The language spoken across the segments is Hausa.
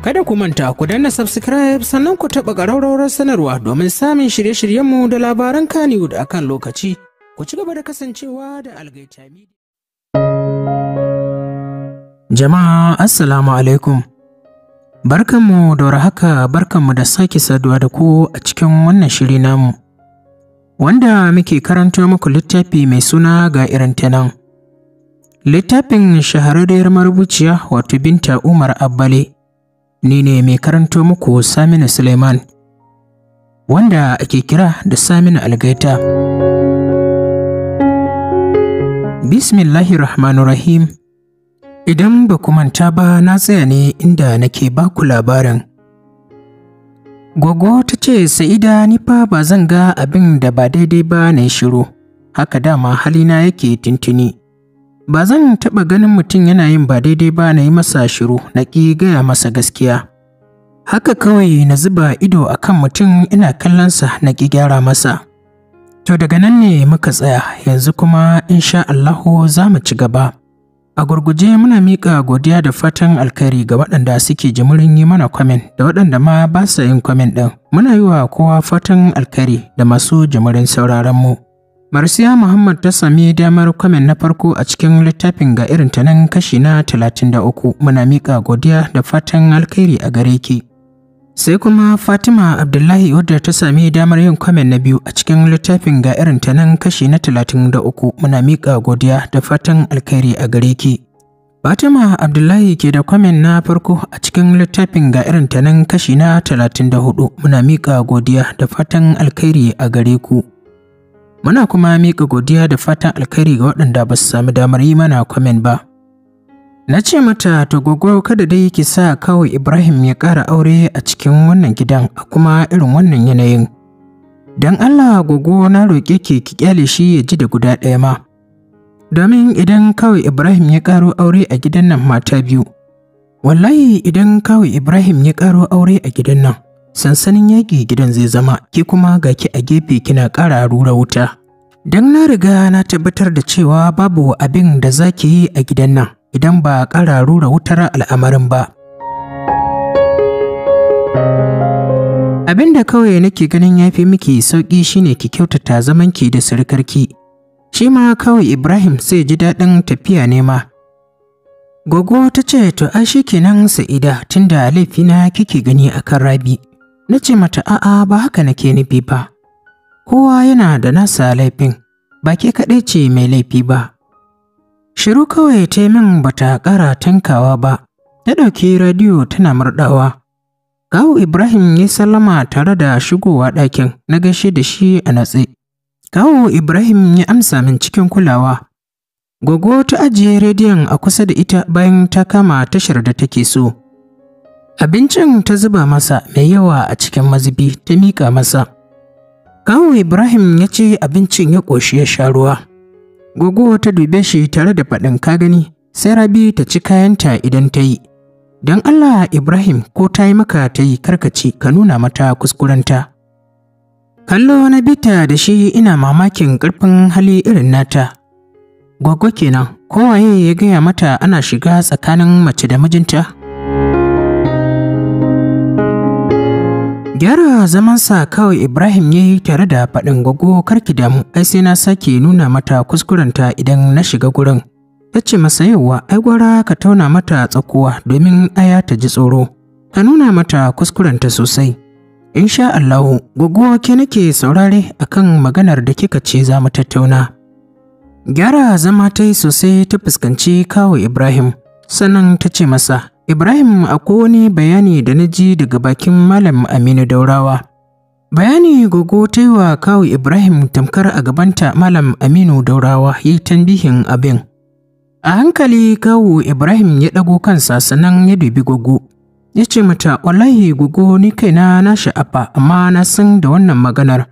Kada ku manta ku danna subscribe sannan ku taɓa ƙararrawar sanarwa domin samun shirye-shiryenmu da labaran Kannywood a kan lokaci. Ku ci gaba da kasancewa da Algaita Media. Jama'a Assalamu alaikum. Barkanmu da haka barkanmu da sake saduwa da ku a cikin wannan shiri namu. Wanda muke karanto muku littafi mai suna ga irin ta nan. Littafin shahararriyar marubuciya wato Binta Umar Abbale. ni ne mai karanto muku Saminu Suleiman wanda ake kira da Saminu Algaita. Bismillahirrahmanirrahim Idan ba ku manta ba na tsaya ne inda nake ba ku labarin. Gwaggo ta ce Sa'ida ni fa ba zan ga abin da ba daidai ba na shiru, haka dama halina yake tintini. Ba zan taɓa ganin mutum yana yin ba daidai ba na yi masa shiru na ƙi gaya masa gaskiya. Haka kawai na zuba ido a kan mutum ina kallonsa na ƙi gyara masa. To daga nan ne muka tsaya yanzu kuma insha Allahu za mu ci gaba. A gurguje muna miƙa godiya da fatan alkhairi ga waɗanda suke jimurin yi mana kwamin, da waɗanda ma ba sa yin kwamin ɗin. Muna yi wa kowa fatan alkhairi da masu jimurin sauraron mu. Marsiya Muhammad ta sami damar kwamen na farko a cikin littafin ga irin ta nan kashi na 33 muna miƙa godiya da fatan alkhairi a gare ki. Sai kuma Fatima Abdullahi wadda ta sami damar yin kwamen na biyu a cikin littafin ga irin ta nan kashi na 33 muna miƙa godiya da fatan alkhairi a gare ki. Fatima Abdullahi ke da kwamen na farko a cikin littafin ga irin ta nan kashi na 34 muna miƙa godiya da fatan alkhairi a gare ku. Muna kuma mika godiya da fatan alkhairi ga waɗanda ba su sami damar yi mana kwamen ba. Na ce mata ta gogo kada dai ki sa kawai Ibrahim ya ƙara aure a cikin wannan gidan a kuma irin wannan yanayin. Don Allah gogo na roƙe ki ki kyale shi ya ji da guda ɗaya ma. Domin idan kawai Ibrahim ya ƙaro aure a gidan nan mata biyu, wallahi idan kawai Ibrahim ya ƙaro aure a gidan nan, sansanin yaƙi gidan zai zama ki kuma ga ki a gefe kina ƙara rura wuta don na riga na tabbatar da cewa babu abin da za ki yi a gidan nan idan ba ƙara rura wutar al'amarin ba abin da kawai nake ganin ya fi miki sauƙi shine ki kyautata zamanki da sirikarki. shi ma kawai ibrahim sai ji daɗin tafiya nema Gogo ta ce, To, ai shi kenan sa'ida tunda laifina kike gani a kan rabi. Na ce mata a'a ba haka nake nufi ba. Kowa yana da nasa laifin, ba ke kaɗai ce mai laifi ba. Shiru kawai ta min ba ta ƙara tankawa ba, ta ɗauki radiyo tana murɗawa. kawo Ibrahim ya sallama tare da shigowa ɗakin na gaishe da shi a natse. kawo Ibrahim ya amsa min cikin kulawa. Gogo ta ajiye rediyon a kusa da ita bayan ta kama tashar da take so. Abincin ta zuba masa mai yawa a cikin mazubi ta miƙa masa. Kawo Ibrahim ya ce abincin ya ƙoshi ya sha ruwa. Gogo ta dube shi tare da faɗin ka gani sai Rabi ta ci kayanta idan ta yi. Don Allah Ibrahim ko ta yi maka ta yi karkaci ka nuna mata kuskurenta. Kallo na bita da shi ina mamakin ƙarfin hali irin nata. Gwaggo kenan, kowaye ya gaya mata ana shiga tsakanin mace da mijinta? Gyara zamansa kawai Ibrahim ya yi tare da faɗin gwaggo karki damu, ai sai na sake nuna mata kuskurenta idan na shiga gurin. Ta ce masa yauwa, ai gwara ka tauna mata tsakuwa domin aya ta ji tsoro. Ka nuna mata kuskurenta sosai. In sha Allahu, gwaggo ke nake saurare akan maganar da kika ce za mu tattauna. Gyara zama ta yi sosai ta fuskanci kawo Ibrahim, sannan ta ce masa, Ibrahim akwai wani bayani da na ji daga bakin Malam Aminu Daurawa. Bayani gogo ta yi wa kawo Ibrahim tamkar a gabanta Malam Aminu Daurawa ya yi tambihin abin. A hankali kawo Ibrahim ya ɗago kansa sannan ya dubi gogo. Ya ce mata, wallahi gogo ni kaina na sha'afa amma na san da wannan maganar.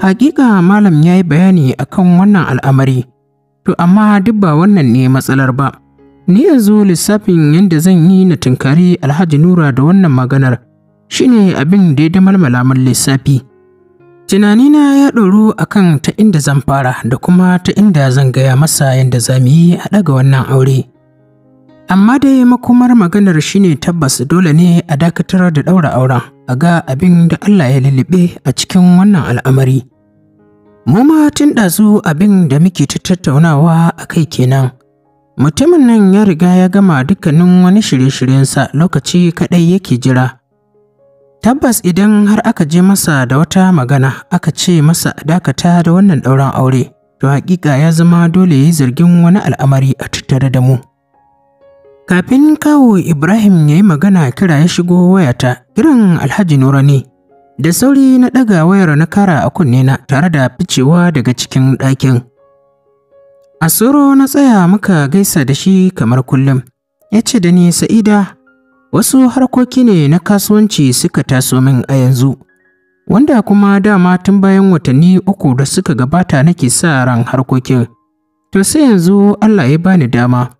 Hakika Malam ya yi bayani akan wannan al'amari. To amma duk ba wannan ne matsalar ba. Ni yanzu lissafin yadda zan yi na tunkari Alhaji Nura da wannan maganar shine abin da ya damalmala min lissafi. Tunanina ya ɗoru kan ta inda zan fara da kuma ta inda zan gaya masa yadda za mu yi a ɗaga wannan aure. Amma dai makomar maganar shine tabbas dole ne a dakatar da ɗaura auren a ga abin da Allah ya lullube a cikin wannan al'amari. Mu ma tun ɗazu abin da muke ta tattaunawa a kai kenan. Mutumin nan ya riga ya gama dukkanin wani shirye-shiryensa lokaci kaɗai yake jira. Tabbas idan har aka je masa da wata magana aka ce masa dakata da wannan ɗauran aure, to haƙiƙa ya zama dole ya yi zargin wani al'amari a tattare da mu. Kafin kawo Ibrahim ya yi magana kira ya shigo wayata, kiran Alhaji Nura Da sauri na ɗaga wayar na kara a kunne na tare da ficewa daga cikin ɗakin. A Asoro na tsaya muka gaisa da shi kamar kullum. Ya ce da ni Sa'ida, wasu harkoki ne na kasuwanci suka taso min a yanzu, wanda kuma dama tun bayan watanni uku da suka gabata nake sa ran harkokin. To sai yanzu Allah ya bani dama.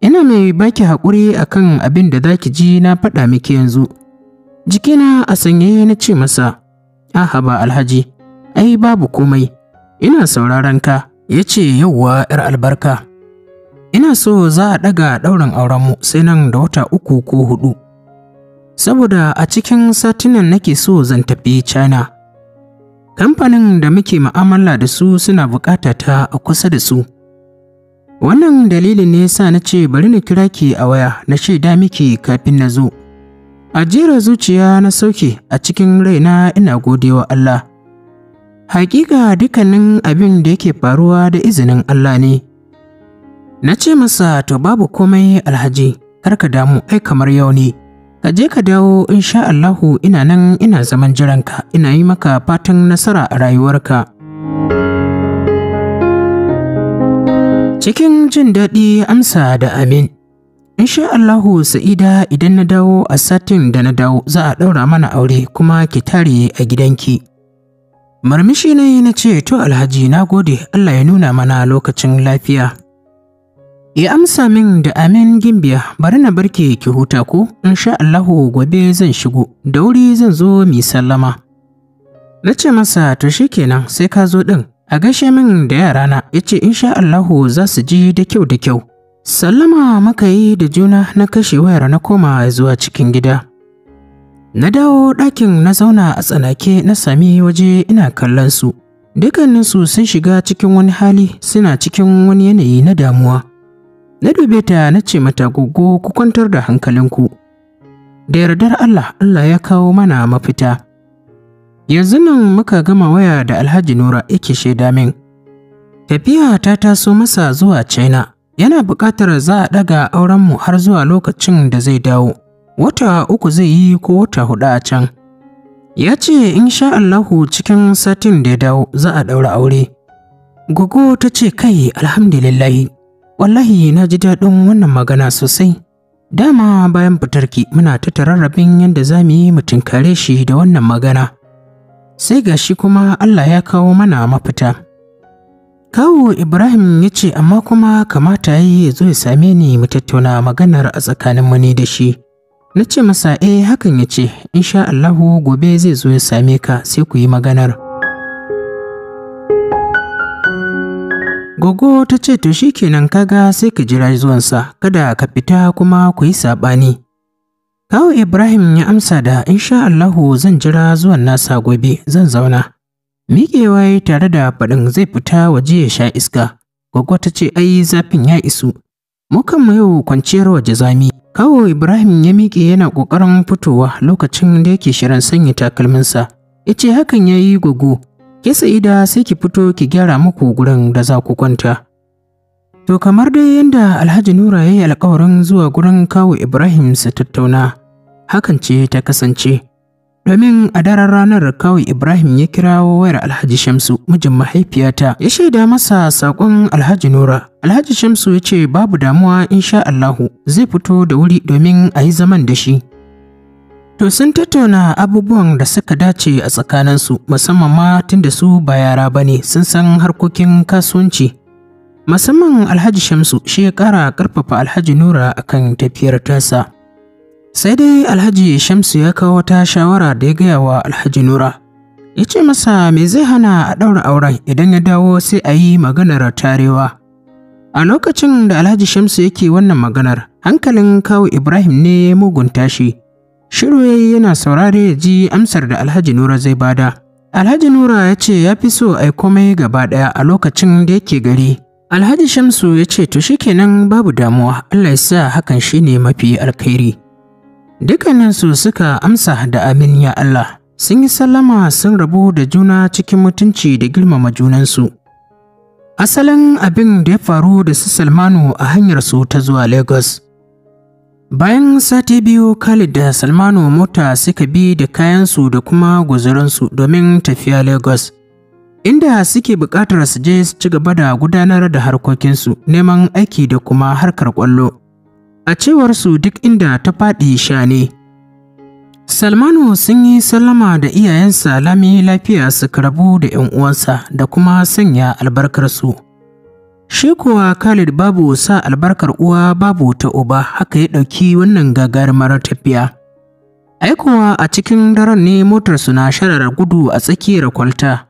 Ina mai baki haƙuri akan abin da za ki ji na faɗa miki yanzu. Jikina a sanyaye na ce masa, Aha ba alhaji, ai babu komai, ina sauraron ka, ya ce yauwa ‘yar albarka. Ina so za a ɗaga ɗaurin aurenmu sai nan da wata uku ko hudu. Saboda a cikin satinan nake so zan tafi China. Kamfanin da muke ma'amala da su suna buƙata ta a kusa da su. Wannan dalilin ne sa na ce bari na kira ki a waya na shaida miki kafin na zo. ajira zuciya na sauke a cikin raina ina wa Allah. Hakika dukkanin abin da yake faruwa da izinin Allah ne. Na ce masa to babu komai alhaji, kar ka damu ai kamar yau ne. Ka je ka dawo insha Allahu ina nan ina zaman jiranka ina yi maka fatan nasara a rayuwarka. Cikin jin daɗi amsa da amin. Insha Allahu Sa'ida idan na dawo a satin da na dawo za a ɗaura mana aure kuma ki tare a gidanki. Marmishi ne na ce to alhaji na gode Allah ya nuna mana lokacin lafiya. Ya amsa min da amin gimbiya bari na barke ki huta ko insha Allahu gobe zan shigo da wuri zan zo mi sallama. Na ce masa to kenan sai ka zo ɗin a gaishe min da yarana ya ce insha Allahu za su ji da kyau da kyau. Sallama muka yi da juna na kashe wayar na koma zuwa cikin gida. Na dawo ɗakin na zauna a tsanake na sami waje ina kallon su. Dukkaninsu sun shiga cikin wani hali suna cikin wani yanayi na damuwa. Na dube ta na ce mata gogo ku kwantar da hankalinku. Da yardar Allah, Allah ya kawo mana mafita. Yanzu nan muka gama waya da Alhaji Nura yake shaida min. Tafiya ta taso masa zuwa China. yana buƙatar za a ɗaga aurenmu har zuwa lokacin da zai dawo wata uku zai yi ko wata hudu a can ya ce sha Allahu cikin satin da ya dawo za a ɗaura aure gogo ta ce kai alhamdulillahi wallahi na ji daɗin wannan magana sosai dama bayan fitarki muna ta tararrabin yadda za mu yi mu tinkare shi da wannan magana sai gashi kuma Allah ya kawo mana mafita Kawu Ibrahim ya ce amma kuma kamata ya yi ya zo ya same ni mu tattauna maganar a tsakaninmu ne da shi. Na ce masa eh hakan ya ce insha Allahu gobe zai zo ya same ka sai ku yi maganar. Gogo ta ce to shi kenan kaga sai ka jira zuwansa kada ka fita kuma ku yi saɓani. Kawu Ibrahim ya amsa da insha Allahu zan jira zuwan nasa gobe zan zauna. Miƙewa ya tare da faɗin zai fita waje ya sha iska. Goggo ta ce ai zafin ya isu. Mukan mu yau kwanciyar waje zami. Kawo Ibrahim ya mike yana ƙoƙarin fitowa lokacin da yake shirin sanya takalminsa. Ya ce hakan ya yi gwaggo. Ke Ida sai ki fito ki gyara muku gurin da za ku kwanta. To kamar dai yadda Alhaji Nura ya yi alƙawarin zuwa gurin kawo Ibrahim su tattauna. Hakan ce ta kasance. Domin a daren ranar kawai Ibrahim ya kirawo wayar Alhaji Shamsu, mijin mahaifiyata, ya shaida masa saƙon Alhaji Nura. Alhaji Shamsu ya ce babu damuwa insha Allahu zai fito da wuri domin a yi zaman da shi. To sun tattauna abubuwan da suka dace a tsakaninsu musamman ma tun da su ba yara ba ne sun san harkokin kasuwanci. Musamman Alhaji Shamsu shi ya ƙara ƙarfafa Alhaji Nura akan tafiyar tasa. Sai dai Alhaji Shamsu ya kawo wata shawara da ya gaya wa Alhaji Nura. Ya ce masa me zai hana a ɗaura auren idan ya dawo sai a yi maganar tarewa. A lokacin da Alhaji Shamsu yake wannan maganar, hankalin kawo Ibrahim ne ya mugunta shi. Shiru yana saurare ya ji amsar da Alhaji Nura zai bada. Alhaji Nura ya ce ya fi so a yi komai gaba ɗaya a lokacin da yake gari. Alhaji Shamsu ya ce to shikenan babu damuwa Allah ya sa hakan shine mafi alkhairi. Dukkaninsu suka amsa da amin ya Allah, sun yi sallama sun rabu da juna cikin mutunci da girmama junansu. Asalin abin da ya faru da su Salmanu a hanyarsu ta zuwa Lagos. Bayan sati biyu Khalid da Salmanu mota suka bi da kayansu da kuma guzuransu domin tafiya Lagos. Inda suke buƙatar su je su ci gaba da gudanar da harkokinsu neman aiki da kuma harkar ƙwallo. a cewarsu duk inda ta faɗi shane Salmanu sun yi sallama da iyayensa lami lafiya su karabu da ‘yan uwansa da kuma sanya albarkarsu. Shi kuwa Khalid babu sa albarkar uwa babu ta uba haka ya ɗauki wannan gagarumar tafiya. Aikowa a cikin daren ne motarsu na sharar gudu a tsakiyar kwalta.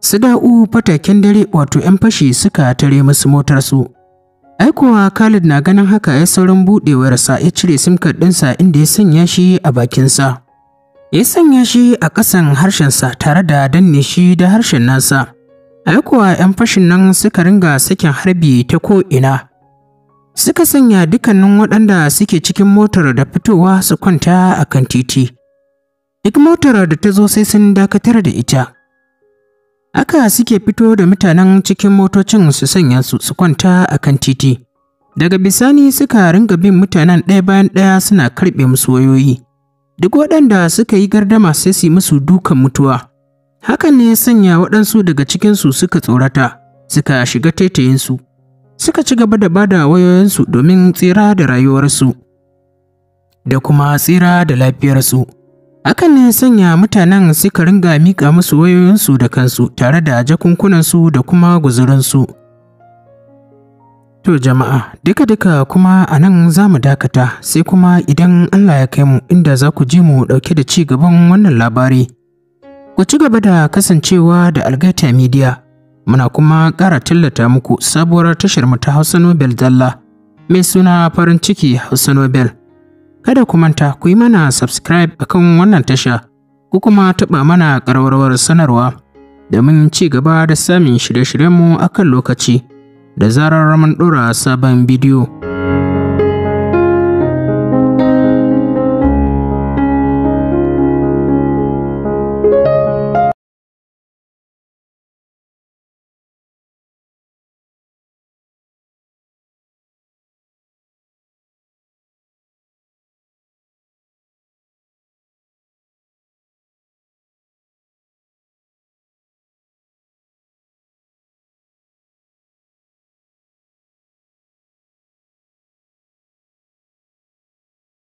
Su da'u fataken dare wato ‘yan fashi suka tare musu motarsu. aikowa khalid na ganin haka ya saurin buɗewarsa ya cire simkar ɗinsa inda ya sanya shi a bakinsa ya sanya shi a ƙasan sa tare da danne shi da harshen nasa aikowa 'yan fashin nan suka ringa sakin harbi ta ko'ina suka sanya dukkanin waɗanda suke cikin motar da fitowa su kwanta a kan titi. Duk motar da ta zo sai sun dakatar da ita. aka suke fito da mutanen cikin motocin su sanya su su kwanta a kan titi. Daga bisani suka ringa bin mutanen ɗaya bayan ɗaya suna karɓe musu wayoyi. Duk waɗanda suka yi gardama sai su yi musu duka mutuwa. Hakan ne ya sanya waɗansu daga cikinsu suka tsorata, suka shiga taitayinsu. Suka ci gaba da bada wayoyinsu domin tsira da rayuwarsu, da kuma tsira da lafiyarsu. Hakan ne sanya mutanen suka ringa mika musu wayoyinsu da kansu tare da jakunkunansu da kuma guzurinsu To jama'a, duka-duka kuma a nan za mu dakata sai kuma idan Allah ya kai mu inda za ku ji mu ɗauke da ci gaban wannan labari. Ku ci gaba da kasancewa da Algaita Media, muna kuma ƙara tallata muku sabuwar tashar mu ta Hausa Nobel Dalla, mai suna farin ciki Hausa Nobel. Kada ku manta ku yi mana subscribe akan wannan tasha ku kuma taɓa mana ƙararrawar sanarwa domin ci gaba da samun shirye-shiryenmu a kan lokaci da zarar mun ɗora sabon bidiyo.